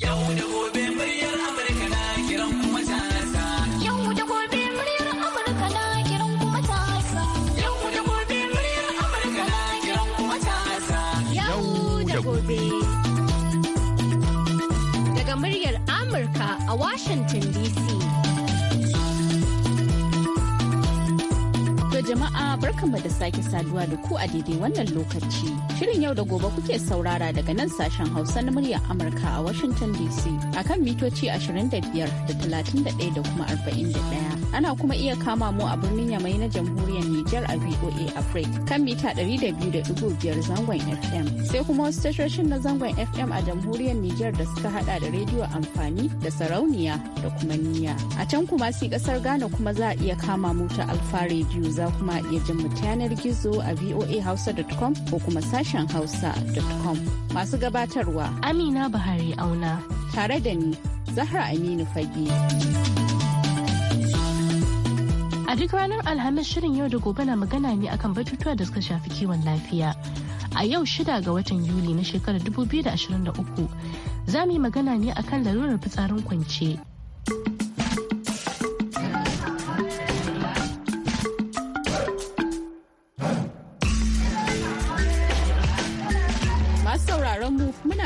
Yau da gobe muryar Amurka na kiran matasa. Yau da gobe muryar Amurka na kiran matasa. Yau da gobe muryar Amurka na kiran matasa. Yau da gobe. Daga muryar Amurka a Washington DC. jama'a barkanmu da sake saduwa da ku a daidai wannan lokaci. Shirin yau da gobe kuke saurara daga nan sashen Hausa na muryar Amurka a Washington DC a kan mitoci 25 da 31 da kuma 41. Ana kuma iya kama mu a birnin Yamai na jamhuriyar Nijar a VOA Africa kan mita 200.5 zangon FM. Sai kuma wasu tashoshin na zangon FM a jamhuriyar Nijar da suka hada da rediyo amfani da sarauniya da kuma A can kuma si kasar Ghana kuma za a iya kama mu ta Alfa Radio za kuma iya jin mu yanar gizo a voahausa.com ko kuma sashen hausa.com. Masu gabatarwa Amina Buhari Auna. Tare da ni, Zahra Aminu Fage. A duk ranar Alhamis shirin yau da gobe na magana ne akan batutuwa da suka shafi kiwon lafiya. A yau shida ga watan Yuli na shekarar 2023 za mu yi magana ne akan larurar fitsarin kwance.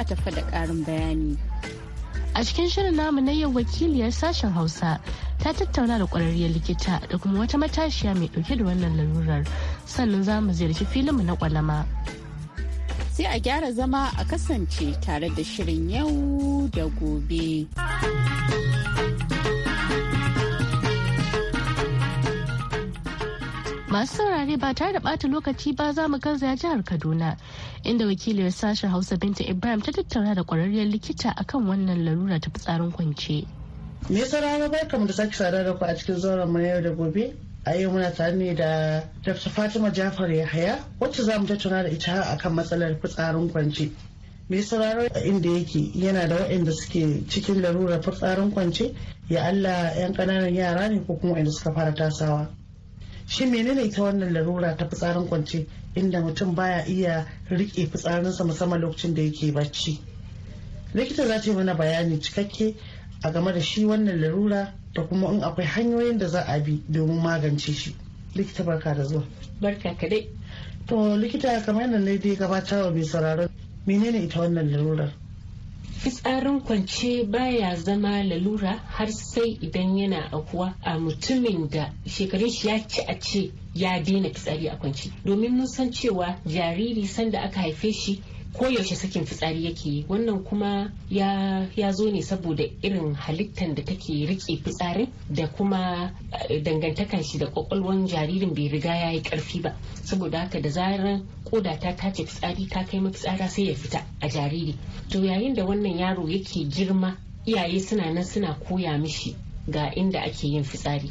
tafa da ƙarin bayani. A cikin shirin namu na yau wakiliyar sashen Hausa ta tattauna da ƙwararriyar likita da kuma wata matashiya mai ɗauke da wannan lalurar sannan za mu ziyarci mu na ƙwalama. Sai a gyara zama a kasance tare da shirin yau da gobe. masu saurare ba tare da bata lokaci ba za mu garzaya jihar kaduna inda wakiliyar sashen hausa binta ibrahim ta tattauna da kwararriyar likita akan wannan larura ta fitsarin kwance me sauraro barkamu da sake sadar da ku a cikin zauren mu yau da gobe a yau muna tare ne da dr fatima jafar yahaya wacce za mu tattauna da ita akan matsalar fitsarin kwance mai sauraro inda yake yana da waɗanda suke cikin larurar fitsarin kwance ya allah 'yan kananan yara ne ko kuma waɗanda suka fara tasawa shi menene ita wannan larura ta fitsarin kwance inda mutum baya iya rike fitsarinsa musamman lokacin da yake bacci likita za ta yi mana bayani cikakke a game da shi wannan larura da kuma in akwai hanyoyin da za a bi domin magance shi likita barka da zuwa barka kadai to likita kamar yadda na dai gabatarwa mai sauraron menene ita wannan larurar fitsarin kwance baya zama lalura har sai idan yana akuwa a mutumin da shekarun shi ya ci a ce ya daina fitsari a kwance domin mun san cewa jariri sanda aka haife shi koyaushe sakin fitsari yake yi wannan kuma ya zo ne saboda irin halittar da take rike fitsarin da kuma eh, dangantakan shi da kwakwalwan jaririn bai riga ya yi karfi ba saboda haka da zarar koda ta tace fitsari ta kai mafitsara sai ya fita a jariri to yayin da wannan yaro yake girma iyaye suna nan suna koya mishi ga inda ake yin fitsari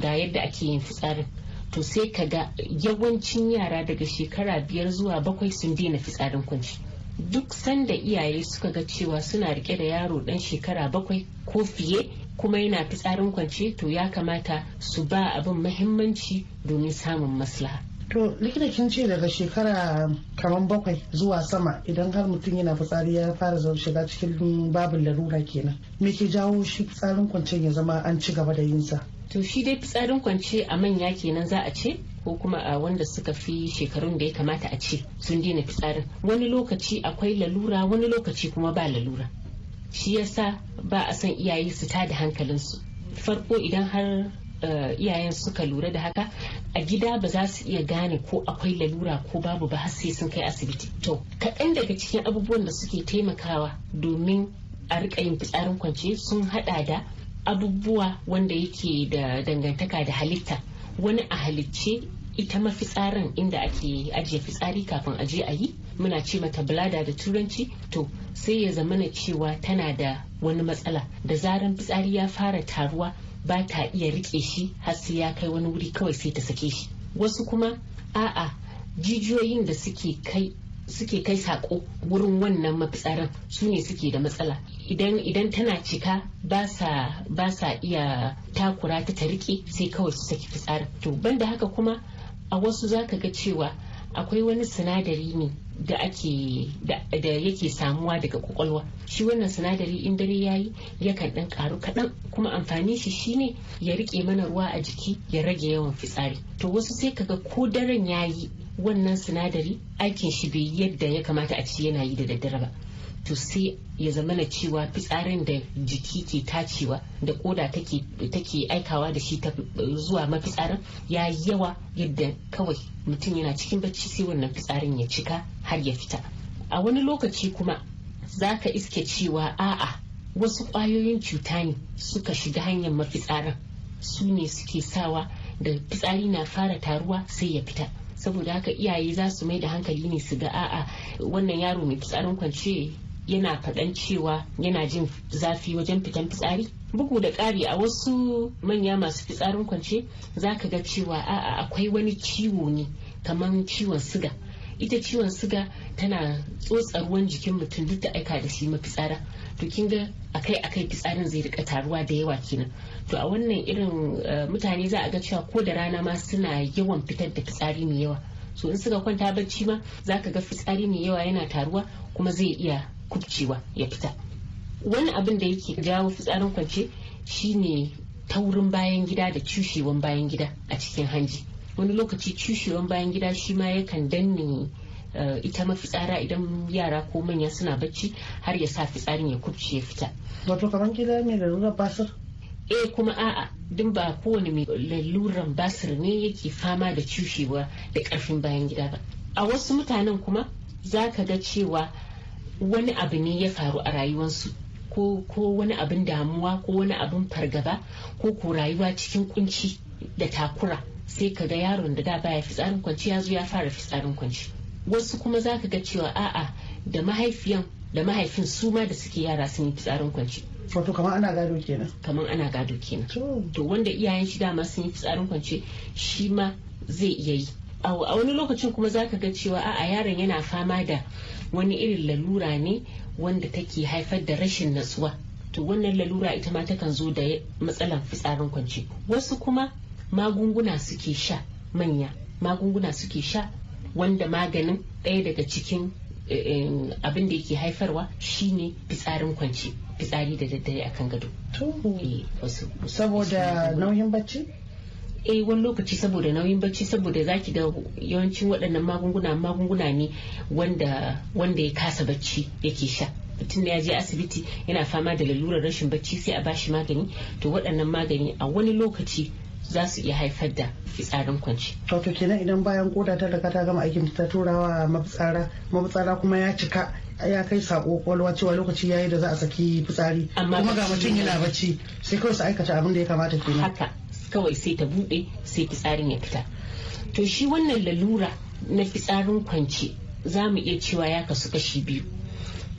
ga yadda ake yin fitsarin to sai ka ga yawancin yara daga shekara biyar zuwa bakwai sun daina fitsarin kunci duk sanda iyaye suka ga cewa suna rike da yaro dan shekara bakwai ko fiye kuma yana fitsarin kwance to ya kamata su ba abin mahimmanci domin samun maslaha to likita kin ce daga shekara kamar bakwai zuwa sama idan har mutum yana fitsari ya fara zama shiga cikin babin larura kenan me ke jawo shi fitsarin kwance ya zama an ci gaba da yinsa to shi dai fitsarin kwance a manya kenan za a ce ko kuma a wanda suka fi shekarun da ya kamata a ce sun daina fitsarin wani lokaci akwai lalura wani lokaci kuma ba lalura shi yasa ba a san iyaye su ta hankalin hankalinsu farko idan har eh, iyayen suka lura da haka a gida ba za su iya gane ko akwai lalura ko babu ba har sai sun kai asibiti to kaɗan daga cikin abubuwan da suke taimakawa domin a riƙa yin fitsarin kwance sun haɗa da abubuwa wanda yake da dangantaka da halitta wani a halicce ita mafitsarin inda ake ajiye fitsari kafin aje a yi muna ce mata blada da turanci to sai ya zamana cewa tana da wani matsala da zaran fitsari ya fara taruwa ba ta iya rike shi har sai ya kai wani wuri kawai sai ta sake shi wasu kuma a'a jijiyoyin da suke kai suke kai sako wurin wannan mafitsarar su ne suke da matsala idan tana cika ba sa iya takura ta ta riƙe sai kawai su saki fitsarin to banda haka kuma a wasu zaka ga cewa akwai wani sinadari ne da ake da yake samuwa daga kwakwalwa shi wannan sinadari in dare ya yayi yakan dan karu kaɗan kuma amfani shi shine ya rike mana ruwa a jiki ya rage yawan fitsari to wasu sai kaga ko daren ya yi. wannan sinadari aikin shi bai yadda ya kamata a ci yana yi da daddare ba to sai ya zama na cewa fitsarin da jiki ke tacewa da koda take aikawa da shi zuwa mafitsarin ya yawa yadda kawai mutum yana cikin bacci sai wannan fitsarin ya cika har ya fita a wani lokaci kuma za ka iske cewa a'a wasu ƙwayoyin cuta ne suka shiga hanyar mafitsarin su ne suke sawa da fitsari na fara taruwa sai ya fita saboda haka iyaye za su mai da hankali ne su ga a'a wannan yaro mai fitsarin kwance yana faɗan cewa yana jin zafi wajen fitan fitsari bugu da ƙari a wasu manya masu fitsarin kwance za ka ga cewa a'a akwai wani ciwo ne kamar ciwon siga ita ciwon suga tana tsotsa ruwan jikin mutum duk da aika da shi mafitsara to kin ga akai akai fitsarin zai rika taruwa da yawa kenan to a wannan irin eh, mutane za a ga cewa ko da rana ma suna yawan fitar da fitsari mai yawa so in suka kwanta bacci ma za ka ga fitsari mai yawa yana taruwa kuma zai iya kubcewa ya fita wani abin da yake jawo fitsarin kwance shine taurin bayan gida da cushewan bayan gida a cikin hanji wani lokaci cushewan bayan gida shi ma yakan danne eh, ita mafitsara idan yara ko manya suna bacci har ya sa fitsarin ya kubce ya fita wato kamar gida mai lalurar basir eh kuma a'a duk ba kowane mai laluran basir ne yake fama da cushewa da karfin bayan gida ba a wasu mutanen kuma za ka ga cewa wani abu ne ya faru a rayuwarsu ko wani abin damuwa ko wani abin fargaba ko ko rayuwa cikin kunci da takura sai ka ga yaron da da baya fitsarin kwanci ya zo ya fara fitsarin kwanci wasu kuma za ka ga cewa a'a da mahaifiyan da mahaifin su ma da suke yara sun yi fitsarin kwanci wato kamar ana gado kenan kamar ana gado kenan to wanda iyayen shi dama sun yi fitsarin kwanci shi ma zai iya yi a wani lokacin kuma za ka ga cewa a'a yaron yana fama da wani irin lalura ne wanda take haifar da rashin natsuwa to wannan lalura ita ma takan zo da matsalan fitsarin kwanci wasu kuma magunguna suke sha manya magunguna suke sha wanda maganin ɗaya daga cikin eh, eh, abin da yake haifarwa shine fitsarin kwanci fitsari da daddare a kan gado eh, saboda nauyin bacci eh wani lokaci saboda nauyin bacci saboda zaki ga yawancin waɗannan magunguna magunguna ne wanda wanda ya kasa bacci yake sha mutum da ya je asibiti yana fama da lalurar rashin bacci sai a bashi magani to waɗannan magani a wani lokaci za su iya haifar da fitsarin kwanci. Wato kenan idan bayan koda ta riga ta gama aikin ta turawa mafitsara mafitsara kuma ya cika ya kai sako kwalwa cewa lokaci yayi da za a saki fitsari Amma kuma ga mutum yana bacci sai kawai su aikata abin da ya kamata kenan. Haka kawai sai ta buɗe sai fitsarin ya fita. To shi wannan lalura na fitsarin kwance za mu iya cewa ya kasu kashi biyu.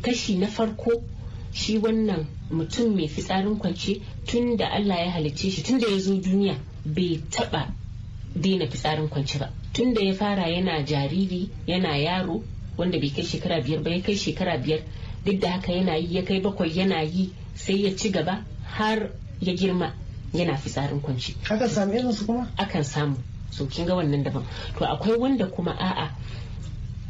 Kashi na farko shi wannan mutum mai fitsarin kwance tun da Allah ya halicce shi tun da ya zo duniya bai taba daina fitsarin kwanci ba tun da ya fara yana jariri yana yaro wanda bai kai shekara biyar ba ya kai shekara biyar duk da haka yana yi ya kai bakwai yana yi sai ya ci gaba har ya girma yana fitsarin kwanci akan samu irin su kuma akan samu so kin ga wannan daban to akwai wanda kuma a'a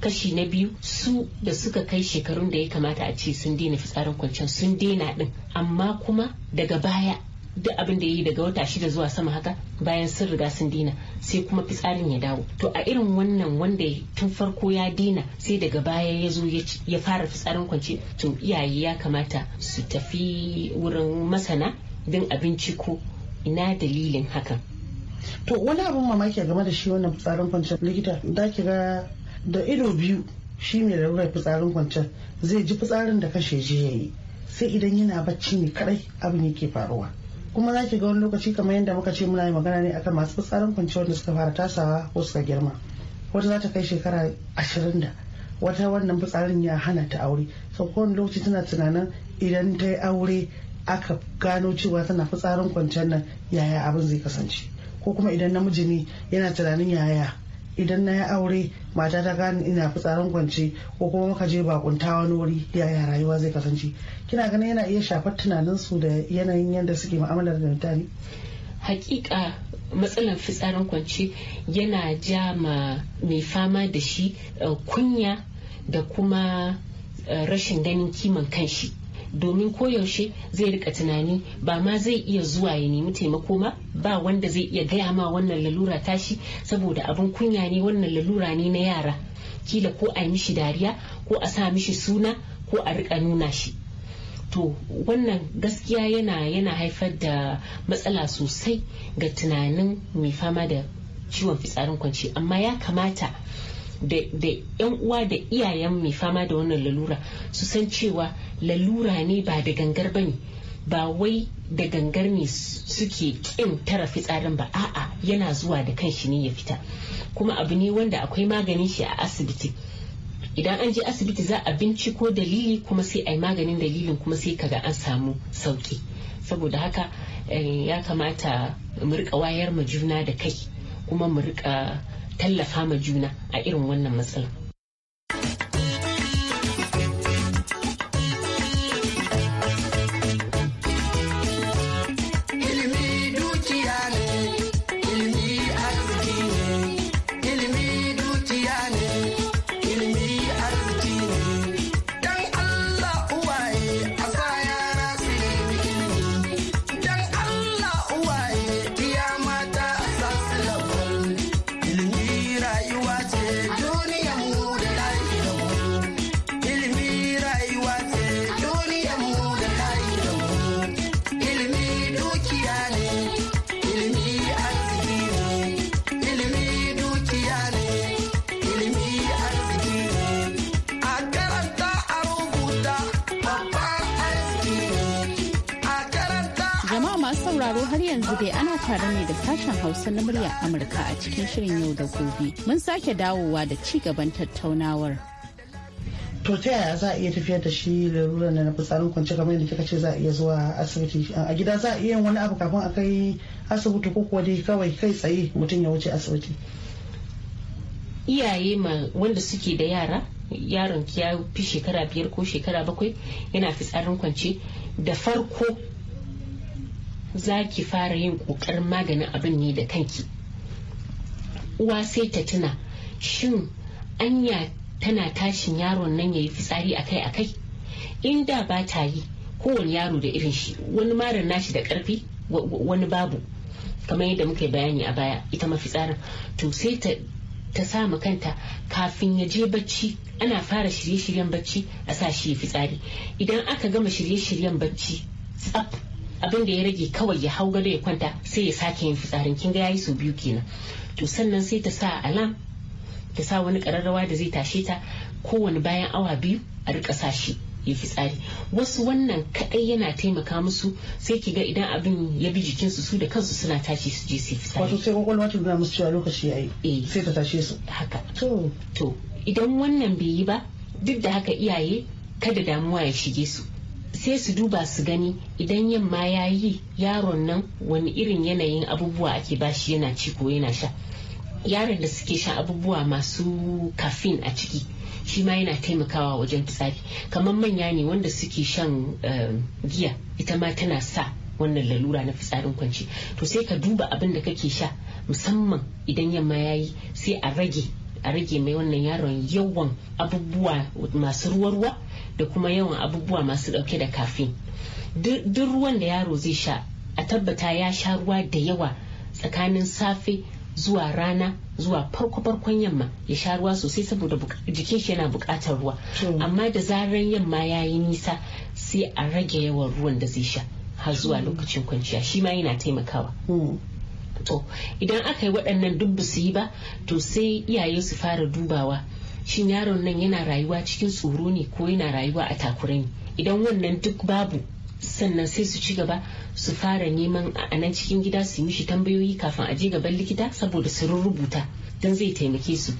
kashi na biyu su da suka kai shekarun da ya kamata a ce sun daina fitsarin kwancen sun daina din amma kuma daga baya duk abin da ya yi daga wata shida zuwa sama haka bayan sun riga sun dina sai kuma fitsarin ya dawo to a irin wannan wanda tun farko ya dina sai daga baya ya zo ya fara fitsarin kwance to iyaye ya kamata su tafi wurin masana don abinci ko ina dalilin hakan to wani abin mamaki game da shi wannan fitsarin kwancen likita da kira da ido biyu shi mai lalurar fitsarin kwancen zai ji fitsarin da kashe ji yayi sai idan yana bacci ne kadai abin yake faruwa kuma za ki ga wani lokaci kamar yadda muka ce muna yi magana ne akan masu fitsarin kwanci wanda suka fara tasawa ko suka girma wata za ta kai shekara ashirin da wata wannan fitsarin ya hana ta aure sau kowane lokaci tana tunanin idan ta yi aure aka gano cewa tana fitsarin kwanciyar nan yaya abin zai kasance ko kuma idan namiji ne yana tunanin yaya idan na yi aure mata ta gane ina fitsarin kwance ko kuma muka je bakunta wani wuri yaya rayuwa zai kasance kina ganin yana iya shafar tunaninsu da yanayin yadda suke mu'amalar da mutane hakika matsalar fitsarin kwance yana ja ma mai fama da shi eh, kunya da kuma eh, rashin ganin kiman kanshi domin koyaushe zai rika tunani ba ma zai iya zuwa ya nemi taimako ma ba wanda zai iya gaya ma wannan lalura tashi saboda abin kunya ne wannan lalura ne na yara kila ko a yi mishi dariya ko a sa mishi suna ko a rika nuna shi to wannan gaskiya yana yana haifar da matsala sosai ga tunanin mai fama da ciwon fitsarin kwanci amma ya kamata da yan uwa da iyayen mai fama da wannan lalura su san cewa lalura ne ba da gangar bane ba wai da gangar ne suke kin tara fitsarin ba a'a yana zuwa da kan shi ne ya fita kuma abu ne wanda akwai maganin shi a asibiti idan an je asibiti za a binciko dalili kuma sai a yi maganin dalilin kuma sai kaga an samu sauki saboda haka eh, ya kamata mu rika wayar ma juna da kai kuma mu rika tallafa ma juna a irin wannan matsalar Hausa na murya Amurka a cikin shirin yau da gobe. Mun sake dawowa da ci gaban tattaunawar. To ta yaya za a iya tafiyar da shi da na fitsarin kwance kamar yadda kika ce za a iya zuwa asibiti a gida za a iya wani abu kafin a kai asibiti ko kuwa dai kawai kai tsaye mutum ya wuce asibiti. Iyaye ma wanda suke da yara yaron ya fi shekara biyar ko shekara bakwai yana fitsarin kwance da farko za ki fara yin kokar maganin abin ne da kanki uwa sai ta tuna shin anya tana tashin yaron nan ya yi fitsari akai-akai in da ba ta yi kowane yaro da irin shi wani marar nashi da karfi wani babu kamar yadda muka yi bayani a baya ita mafitsarin to sai ta ta samu kanta kafin ya je bacci ana fara shirye-shiryen bacci a sa shi ya fitsari idan aka gama shirye-shiryen bacci tsaf abin da ya rage kawai ya hau gado ya kwanta sai ya sake yin fitsarin kin ga yayi su biyu kenan to sannan sai ta sa alam ta sa wani kararrawa da zai tashe ta kowane bayan awa biyu a rika sa shi ya fitsari wasu wannan kadai yana taimaka musu sai ki ga idan abin ya bi jikinsu su da kansu suna tashi su je su fitsari wato sai kwakwalwa ta nuna musu cewa lokaci ya yi eh. sai ta tashe su haka to idan wannan bai yi ba duk da haka iyaye kada damuwa ya shige su sai su duba su gani idan yamma ya yi yaron nan wani irin yanayin abubuwa ake bashi yana ci ko yana sha yaron da suke sha abubuwa masu kafin a ciki shi ma yana taimakawa wajen fitsari kamar manya ne wanda suke shan eh, giya ita ma tana sa wannan lalura na fitsarin kwanci to sai ka duba abin da kake sha musamman idan yamma ya yi sai a rage a rage mai wannan yaron yawan abubuwa masu ruwa-ruwa da kuma yawan abubuwa masu dauke da kafin duk ruwan da yaro zai sha a tabbata ya sha ruwa da yawa tsakanin safe zuwa rana zuwa farko-farkon yamma ya sha ruwa sosai saboda jikin shi yana bukatar ruwa amma da zarar yamma ya yi nisa sai a rage yawan ruwan da zai sha har zuwa lokacin kwanciya shi ma yana taimakawa hmm. to idan aka yi waɗannan duk su yi ba to sai iyaye su fara dubawa shin yaron nan yana rayuwa cikin tsoro ne ko yana rayuwa a takurai idan wannan duk babu sannan sai su ci gaba su fara neman a nan cikin gida su yi mishi tambayoyi kafin a je gaban likita saboda su rubuta don zai taimake su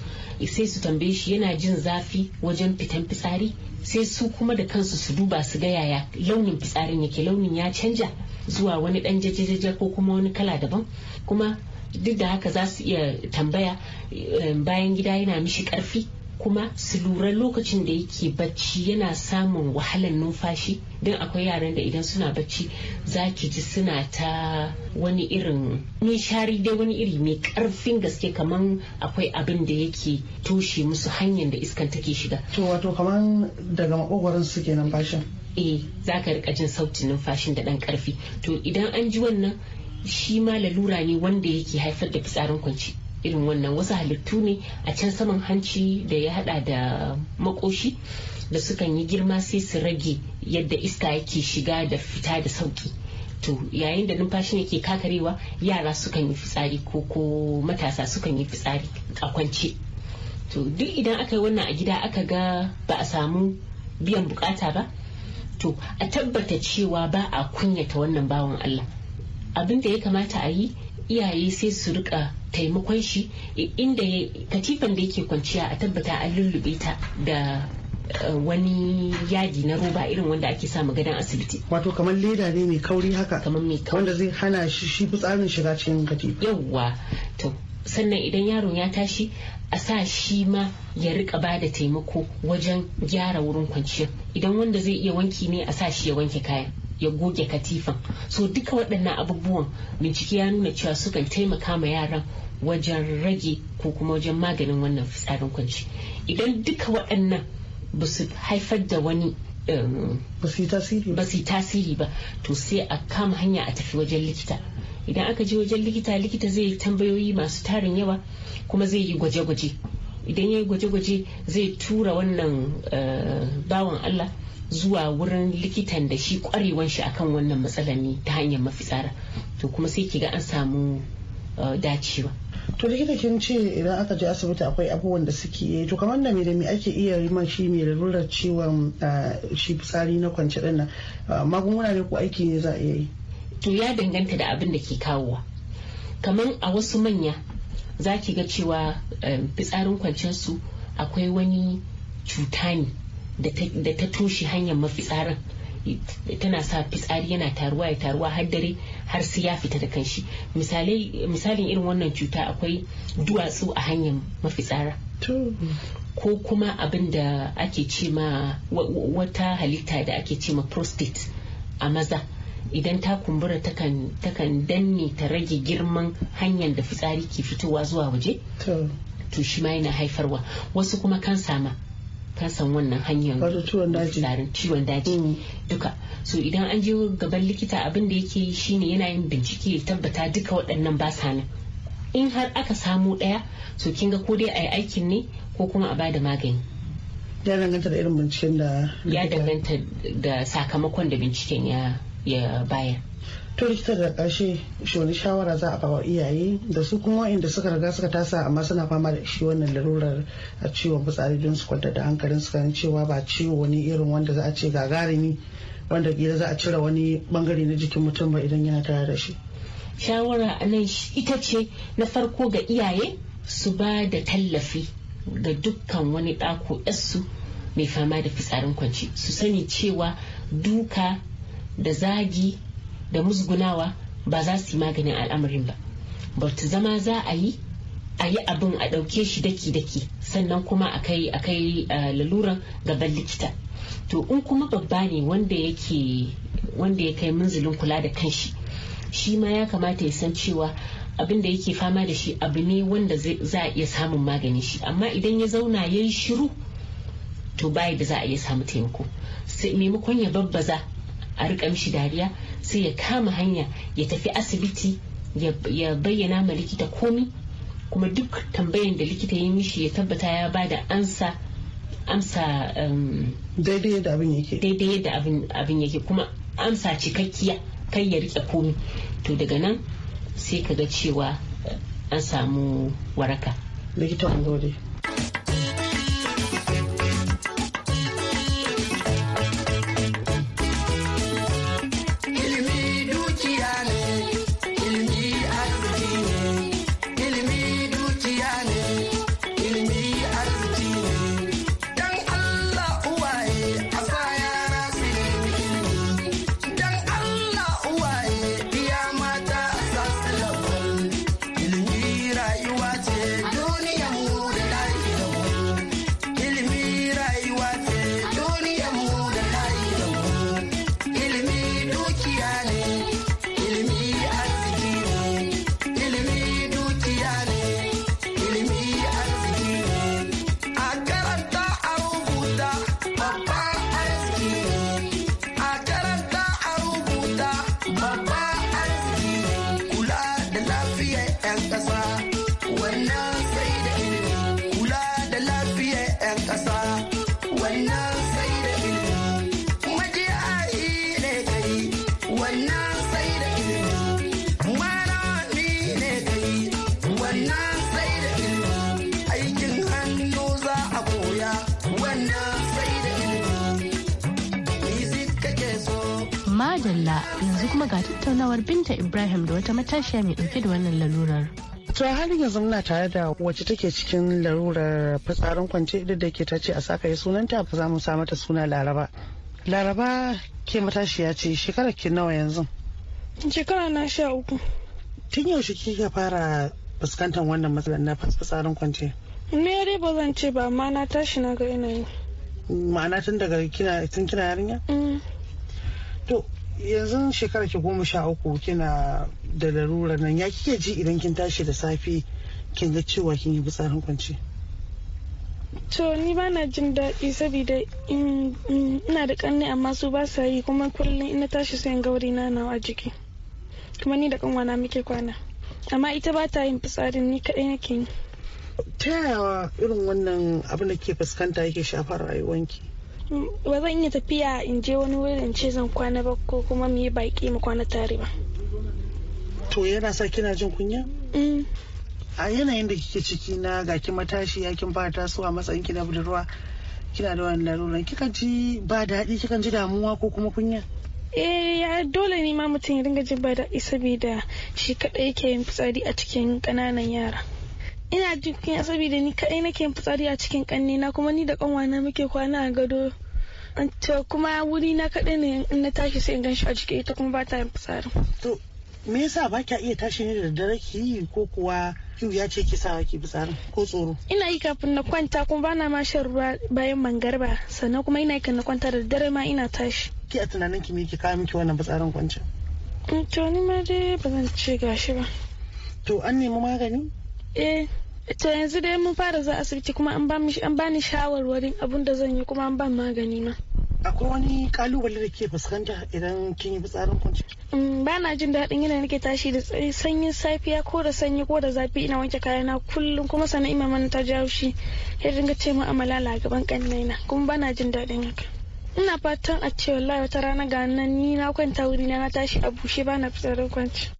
sai su tambaye shi yana jin zafi wajen fitan fitsari sai su kuma da kansu su duba su ga yaya launin fitsarin yake launin ya canja zuwa wani dan jajajajar ko kuma wani kala daban kuma duk da haka za su iya tambaya eh, bayan gida yana mishi karfi kuma su lura lokacin da yake bacci yana samun wahalar numfashi don akwai yaran da idan suna bacci za ki ji suna ta wani irin nishari dai wani iri mai karfin gaske kaman akwai abin da yake toshe musu hanyar da iskan take shiga to wato kaman daga makogwarin su ke numfashin eh za ka rika jin sautin numfashin da dan karfi to idan an ji wannan shi ma lalura ne wanda yake haifar da fitsarin kwanci irin wannan wasu halittu ne a can saman hanci da ya hada da makoshi da sukan yi girma sai su rage yadda iska yake shiga da fita da sauki to yayin da numfashin yake kakarewa yara sukan yi fitsari ko ko matasa sukan yi fitsari a kwance to duk idan aka yi wannan a gida aka ga ba a samu biyan bukata ba to a tabbata cewa ba a kunyata wannan bawan Allah abin da ya kamata a yi iyaye sai su rika taimakon shi inda katifan da yake kwanciya a tabbata an lullube ta da eh, wani yadi na roba irin wanda ake samu gadon asibiti. Wato kamar leda ne mai kauri haka? Kamar mai kauri. Wanda zai hana shi shi fitsarin shiga cikin katifa. Yawwa, to sannan idan yaron ya tashi a sa shi ma ya rika ba da taimako wajen gyara wurin kwanciya. Idan wanda zai iya wanki ne a sa shi ya wanke kayan. ya goge katifan so duka waɗannan abubuwan bincike ya nuna cewa sukan taimaka ma yaran wajen rage ko kuma wajen maganin wannan fitsarin kwanci idan duka waɗannan ba su haifar da wani um, ba su yi tasiri ba to sai a kama hanya a tafi wajen likita idan aka je wajen likita likita zai yi tambayoyi masu tarin yawa kuma zai yi gwaje-gwaje idan ya yi gwaje-gwaje zai tura wannan eh, bawan allah zuwa wurin likitan da shi kwarewan shi akan wannan matsalar ne ta hanyar mafitsara to kuma sai ki ga an samu uh, dacewa to likita kin ce idan aka je asibiti akwai abubuwan da suke yi to kamar da mai da me ake iya yi man shi mai lalurar ciwon uh, shi fitsari na kwance din nan uh, magunguna ne ko aiki ne za a iya yi to ya danganta da abin da ke kawowa kamar a wasu manya za ki ga cewa um, fitsarin kwancensu akwai wani cuta ne da ta toshe hanyar mafitsarin tana sa fitsari yana taruwa ya taruwa har dare har sai ya fita da kanshi misalin irin wannan cuta akwai duwatsu a hanyar mafitsara ko kuma abin da ake ce ma wata halitta da ake ce ma prostate a maza idan ta kumbura takan danne ta rage girman hanyar da fitsari ke fitowa zuwa waje to shi ma yana haifarwa wasu kuma kan sama ta san wannan hanyar tsarin ciwon daji mm. duka so idan an je gaban likita abin da yake yi shine yana yin bincike ya tabbata duka waɗannan ba nan in har aka samu ɗaya so kin ga ko dai a yi aikin ne ko kuma a ba da magani ya danganta da irin binciken da ya danganta da sakamakon da binciken ya bayar to likita da ƙarshe shoni shawara za a bawa iyaye da su kuma inda suka riga suka tasa amma suna fama da shi wannan larurar a ciwon fitsari don su kwanta da hankalin su kan cewa ba ciwo wani irin wanda za a ce gagarumi wanda gida za a cire wani bangare na jikin mutum ba idan yana tare da shi shawara a nan ita ce na farko ga iyaye su ba da tallafi ga dukkan wani ɗako su mai fama da fitsarin kwanci su sani cewa duka da zagi da musgunawa ba za su yi maganin al'amarin ba bauta zama za a yi a yi abin a ɗauke shi daki-daki sannan kuma a kai a laluran gaban likita to in kuma babba ne wanda wanda ya kai munzulin kula da kanshi shi ma ya kamata ya san cewa abin da yake fama da shi abu ne wanda za a iya samun magani shi amma idan ya zauna ya yi shiru to bayi da za a iya samu taimako sai maimakon ya babbaza a rika mishi dariya sai ya kama hanya ya tafi asibiti ya bayyana ma likita komi kuma duk tambayan da likita ya mishi ya tabbata ya bada ansa amsa um, daidai yadda abin yake kuma amsa cikakkiya kai ya rike komi to daga nan sai ka ga cewa an samu waraka Likita gode wata matashiya mai ɗauke da wannan lalurar. to a halin yanzu muna tare da wacce take cikin larurar fitsarin kwance duk da ke ta ce a saka ya sunanta ba za mu sa mata suna laraba laraba ke matashiya ce shekara ki nawa yanzu shekara na sha uku tun yaushe kika fara fuskantar wannan matsalar na fitsarin kwance me dai ba zan ce ba amma na tashi na ga yanayi ma'ana tun daga kina tun kina yarinya mm. to yanzu shekara ki goma sha uku kina da larura nan ya kike ji idan kin tashi da safe kin ga cewa kin yi fitsarin kwanci to ni ba na jin daɗi saboda ina da ƙanne amma su ba sa yi kuma kullum ina tashi sayan gauri na nawa a jiki kuma ni da ƙanwana muke kwana amma ita ba ta yin fitsarin ni kaɗai nake yi ta yaya irin wannan abin da ke fuskanta yake shafar rayuwanki ba zan iya tafiya in je wani wurin in ce zan kwana ba ko kuma mu yi baki mu kwana tare ba to yana sa kina jin kunya mm. a yanayin da kike ciki na ga ki matashi ya kin fara tasowa matsayin ki na budurwa kina da wani laruran kika ji ba daɗi kikan ji damuwa ko kuma kunya eh ya dole ne ma mutum ya dinga jin ba daɗi saboda shi kaɗai yake yin fitsari a cikin ƙananan yara ina jin kunya saboda ni kaɗai nake yin fitsari a cikin ƙanne na kuma ni da na muke kwana a gado ce kuma wuri na kaɗai ne in na tashi sai in gan shi a jiki ita kuma ba ta yin fitsari to me yasa ba kya iya tashi ne da daddare ki yi ko kuwa kiwu ya ce ki wa ki fitsari ko tsoro ina yi kafin na kwanta kuma ba na ma shan ruwa bayan mangarba sannan kuma ina yi kan na kwanta da daddare ma ina tashi ki a tunanin ki me ki kawo miki wannan fitsarin kwancin mm, to ni ma dai ba zan ce gashi ba to an nemi magani eh to yanzu dai mun fara za asibiti kuma an bani shawarwarin abun da zan yi kuma an ban magani ma akwai wani kalubale da ke fuskanta idan kin yi fitsarin kunci. Mm, ba na jin daɗin yana nake tashi da sanyin safiya ko da sanyi ko da zafi ina wanke kayana kullum kuma sannan ina ta jawo shi ya dinga ce mu amalala gaban kannaina kuma ba na jin daɗin haka ina fatan a ce wallahi wata rana ga nan ni na kwanta wuri na tashi a bushe ba na fitsarin kwanci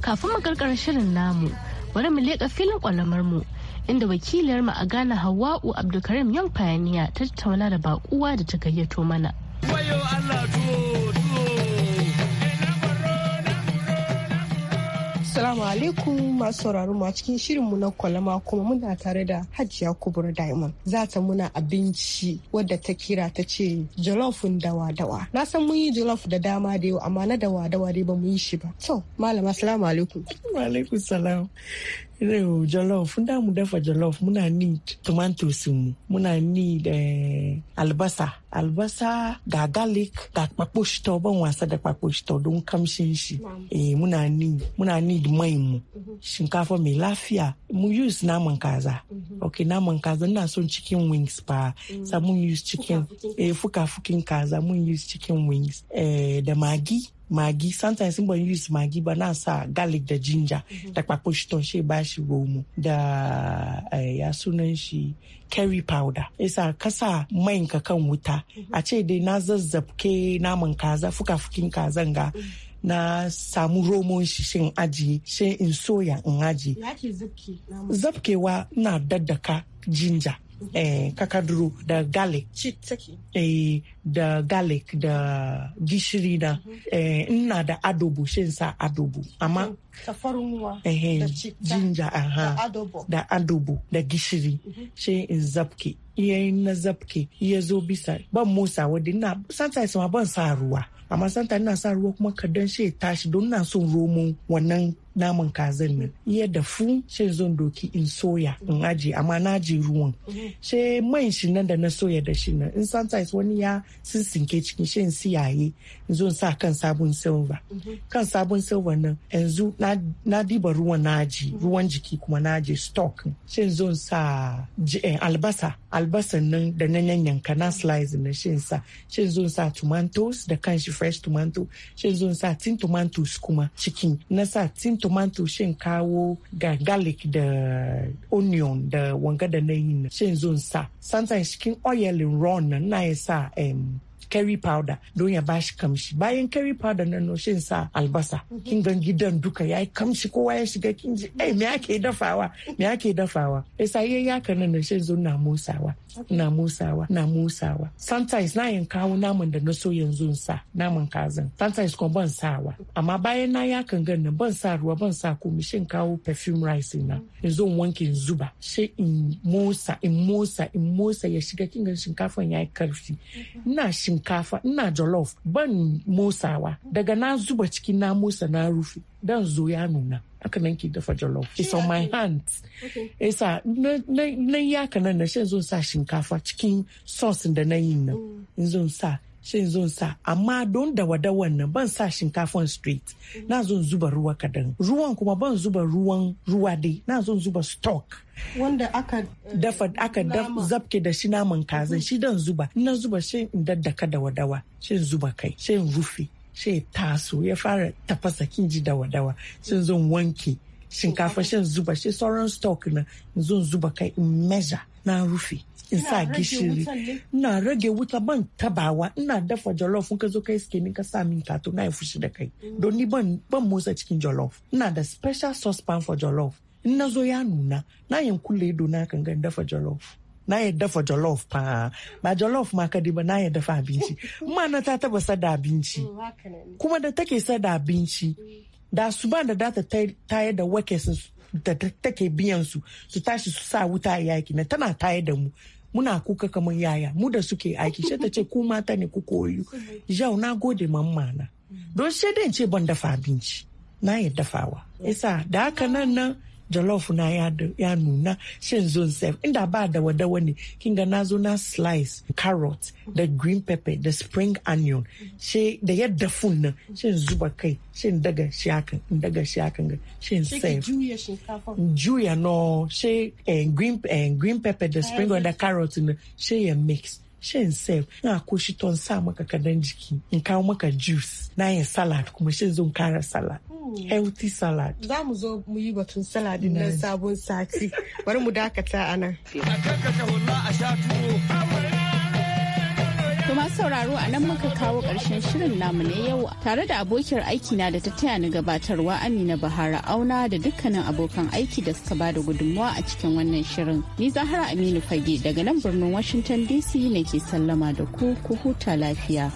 Kafin mu karkar shirin namu, bari mu leƙa filin kwalamar mu inda wakiliyar mu a Ghana Hawwa'u Abdulkarim Yan Fayaniya ta tattauna da baƙuwa da ta gayyato mana. Wayo Allah Assalamu alaikum masu sauraro a cikin shirinmu na kwalama kuma muna tare da Hajiya Kubura Diamond. Za ta muna abinci wadda ta kira ta ce jolofin dawa-dawa. Na san mun yi jolof da dama da yau amma na dawa-dawa dai ba mu yi shi ba. To, malama assalamu alaikum. Wa alaikum salam. jollof da mu dafa jollof muna ni tomatoes mu muna ni da albasa albasa ga garlic ga kpakpo shito ban wasa da kpakpo shito don kamshin shi eh muna ni muna ni da mai mu shinkafa mai lafiya mu use naman kaza mhm. okay naman kaza ina son chicken wings pa mm. sa mun use chicken eh fuka fukin kaza mun use chicken wings eh da magi maggi sometimes in ban use maggi ba na sa garlic da ginger mm -hmm. da kpakpo shiton shi ba shi romo da eh, ya sunan shi curry powder isa kasa main ka kan wuta mm a ce dai na zazzabke naman kaza fuka-fukin kazan ga na samu romon shi shin aji shin in soya in aji zabkewa na daddaka jinja eh, kakaduru da garlic eh, da garlic da gishiri da mhm. eh, da adobo shi sa adobo amma jinja eh, aha, da adobo da gishiri mhm. shi in zabke iya na zabke iya zo bisa ban musa wadda ina sometimes ma ban sa ruwa amma santa ina sa ruwa kuma kadan shi tashi don na son romo wannan naman kazan nan iya da fu ce zan doki in soya in aji amma na ji ruwan ce mhm. man shi nan da na soya da shi nan in sometimes wani ya sinsinke cikin shi in siyaye in zo sa kan sabon silva, mhm. kan sabon silva nan yanzu na diba ruwan na aji, mhm. ruwan jiki kuma naji stock shi in zo sa eh, albasa albasan nan da na yanyanka na slice na shin sa shin zun sa tomatoes da kanshi fresh tomato shin zun sa tin tomatoes kuma cikin na sa tin tomato shin kawo ga garlic da onion da wanga da na yin shin zun sa sometimes cikin oil raw na na yi sa curry powder don ya bashi kamshi bayan curry powder nan no shin sa albasa kin gan gidan duka yayi kamshi kowa ya shiga kin ji eh me ake dafawa me ake dafawa yasa yayi nan no shin zo na musawa na musawa na musawa sometimes na yin kawo naman da na so yanzu sa naman kazan sometimes kuma ban sawa amma bayan na yakan gan nan ban sa ruwa ban sa mi shin kawo perfume rice na yanzu in wanke in zuba sai in musa in musa in musa ya shiga kin gan shinkafa yayi karfi ina shin shinkafa ina jollof ban motsawa daga na zuba cikin na motsa na rufe dan zo ya nuna aka nan ki dafa jollof it's on my hands isa na yaka nan na shi zo sa shinkafa cikin sauce da na yin nan mm. in zo sa shin zon sa amma don da wada wannan ban sa shinkafan street na zon zuba ruwa kadan ruwan kuma ban zuba ruwan ruwa dai na zon zuba stock wanda aka eh, dafa aka zabke da shi naman kazan mhm. shi dan zuba na zuba shi in daddaka da wadawa shin zuba kai shin rufe shi taso ya fara tafasa kinji da wadawa shin zon wanke shinkafa shin zuba shi sauran stock na zon zuba kai in measure na rufe in sa gishiri ina rage wuta ban tabawa ina dafa jollof in ka zo kai suke ni ka sa min kato na fushi da kai mm. don ni ban motsa cikin jollof ina da special pan for jollof in na zo ya nuna na yin kulle ido na kan gan dafa jollof na ya dafa jollof pa ba jollof ma ka ba na ya dafa abinci na ta taba sa da abinci mm, kuma da take sada abinci mm. da su ba da data tayar da wakesin da take biyan su su tashi su sa wuta a yaki na tana tayar da mu muna kuka kamar yaya mu da suke aiki sai ta ce ku mata ne ku koyu jau na gode mamma na don sai dai ce ban dafa abinci na yi dafawa isa da haka nan nan jollof na ya nuna shin zone safe inda ba da wadawa ne kin ga na zo na slice carrot da green pepper da spring onion she da yadda fun nan shin zuba kai shin daga shi hakan daga shi ga shin safe juya no she eh, green eh, green pepper da spring onion da carrot na she ya mix shan sef na ko shi ton sa maka kadan jiki in kawo maka juice na yin salad kuma shin zan kara salad healthy salad za zo mu yi batun salad na sabon sati bari mu dakata a kuma sauraro a nan muka kawo karshen shirin namu ne yau tare da abokiyar aiki na da ta taya ni gabatarwa amina bahara auna da dukkanin abokan aiki da suka bada gudunmawa a cikin wannan shirin ni zahra aminu fage daga nan birnin washington dc nake sallama da ku ku huta lafiya.